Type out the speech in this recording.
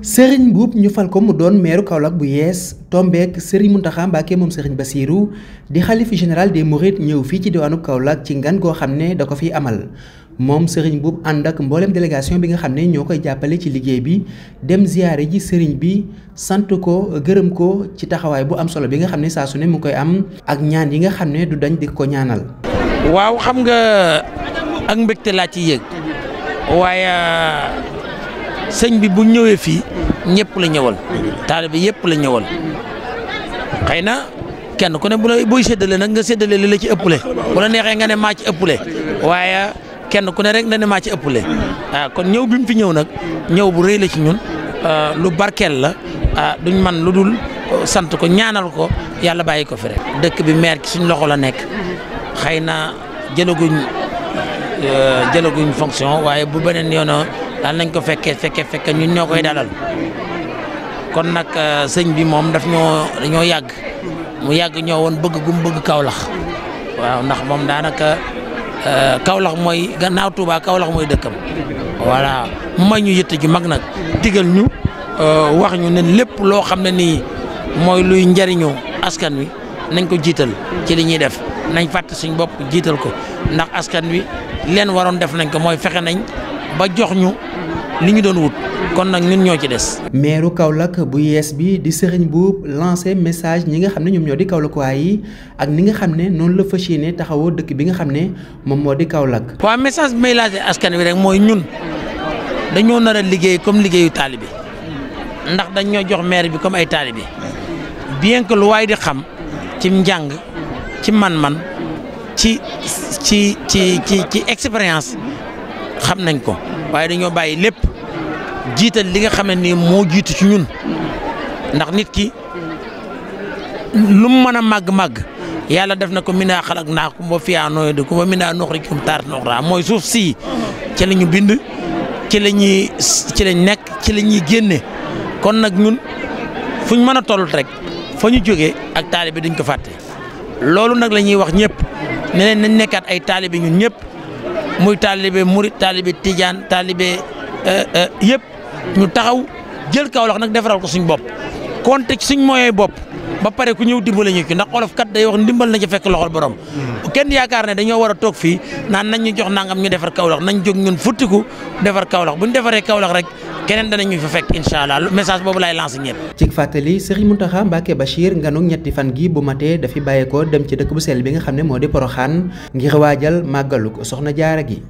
sëriñ Mbuub ñu fal ko mu doon meeru Kaolack bu yees tombeek sëriñ Muntaxa Mbàkke moom sëriñ Basiiru di xalif général des Mourides ñëw fii ci diwaanu Kaolack ci ngan goo xam ne da ko fi amal moom sëriñ Mbuub ànd ak mboolem délégation bi nga xam ne ñoo koy jàppale ci liggéey bi dem ziyaare ji sëriñ bi sant ko gërëm ko ci taxawaay bu am solo bi nga xam ne saa su ne mu koy am ak ñaan yi nga xam ne du dañ di ko ñaanal. waaw xam nga ak mbégte laa ci yëg sëñ bi bu ñëwee fii ñëpp la ñëwal bi yëpp la ñëwal xëy na kenn ku ne bu la buy nag nga séddale li la ci ëppale bu la neexee nga ne maa ci ëppale waaye kenn ku ne rek nga ne maa ci ëppale waaw ah, kon ñëw bi mu fi ñëw nag ñëw bu rëy la ci ñun ah, lu barkeel la ah, duñ man lu dul sant ko ñaanal ko yàlla bàyyi ko fi rek dëkk bi meer ci suñ loxo la nekk xëy na jëlaguñ jëlaguñ fonction waaye bu beneen yoon daal nañ ko fekkee fekke fekke ñu ñoo koy dalal kon nag euh, sëñ bi moom daf ñoo dañoo yàgg mu yàgg ñoo woon bëgg gum bëgg Kaolack waaw ndax moom daanaka euh, Kaolack mooy gannaaw Touba kawlax mooy dëkkam voilà mu may ñu yëtt ju mag nag digal ñu euh, wax ñu ne lépp loo xam ne nii mooy luy njariñu askan wi nañ ko jiital ci li ñuy def nañ fàtt suñ bopp jiital ko ndax askan wi leen waroon def nañ ko mooy fexe nañ ba jox ñu li ñu doon wut kon nag ñun ñoo ci des. meeru Kaolack bu yees bi di Serigne Mboup lancé message ñi nga xam ne ñoom ñoo di Kaolackois yi ak ni nga xam ne noonu la fas yéene taxawoo dëkk bi nga xam ne moom moo di Kaolack. waaw message bi may laajte askan bi rek mooy ñun dañoo nar a liggéey comme liggéeyu taalibe ndax dañ ñoo jox maire bi comme ay taalibe bien que lu waay di xam ci njàng ci man-man ci ci ci ci ci expérience xam nañ ko waaye dañoo bàyyi lépp jiital li nga xam ne nii moo jiitu ci ñun ndax nit ki lu mu mën a màgg-màgg yàlla def na ko minaa xalaqnaakum wa fiihaa nu'iidukum wa minhaa nuxrijukum taaratan uxraa mooy suuf si ci la ñu bind ci la ñuy ci lañ nekk ci la ñuy génne kon nag ñun fuñ mën a toll rek fa ñu jógee ak taalibe duñ ko fàtte loolu nag la ñuy wax ñëpp ne leen nañ nekkaat ay taalibe ñun ñëpp. muy taalibe murit taalibe tijaan taalibe euh, euh, yëpp ñu taxaw jël Kaolack nag defaral ko suñ bopp konte suñ moyen bopp ba pare ku ñëw dimbale ñu ci ndax olof kat day wax ndimbal na ci fekk loxol borom hmm. kenn yaakaar ne dañoo war a toog fii naan nañ ñu jox nangam ñu defar Kaolack nañ jóg ñun futtiku defar Kaolack bu ñu defaree Kaolack rek keneen danañu fa fekk incha allah message boobu laay lancé ñëpp. ci fàttali Serigne Mountakha Mbacké Bachir nganuk ñetti fan gi bu matee dafi bàyyeekoo dem ci dëkk bu sell bi nga xam ne moo di Porokhane ngir waajal màggaluk soxna jaara gi.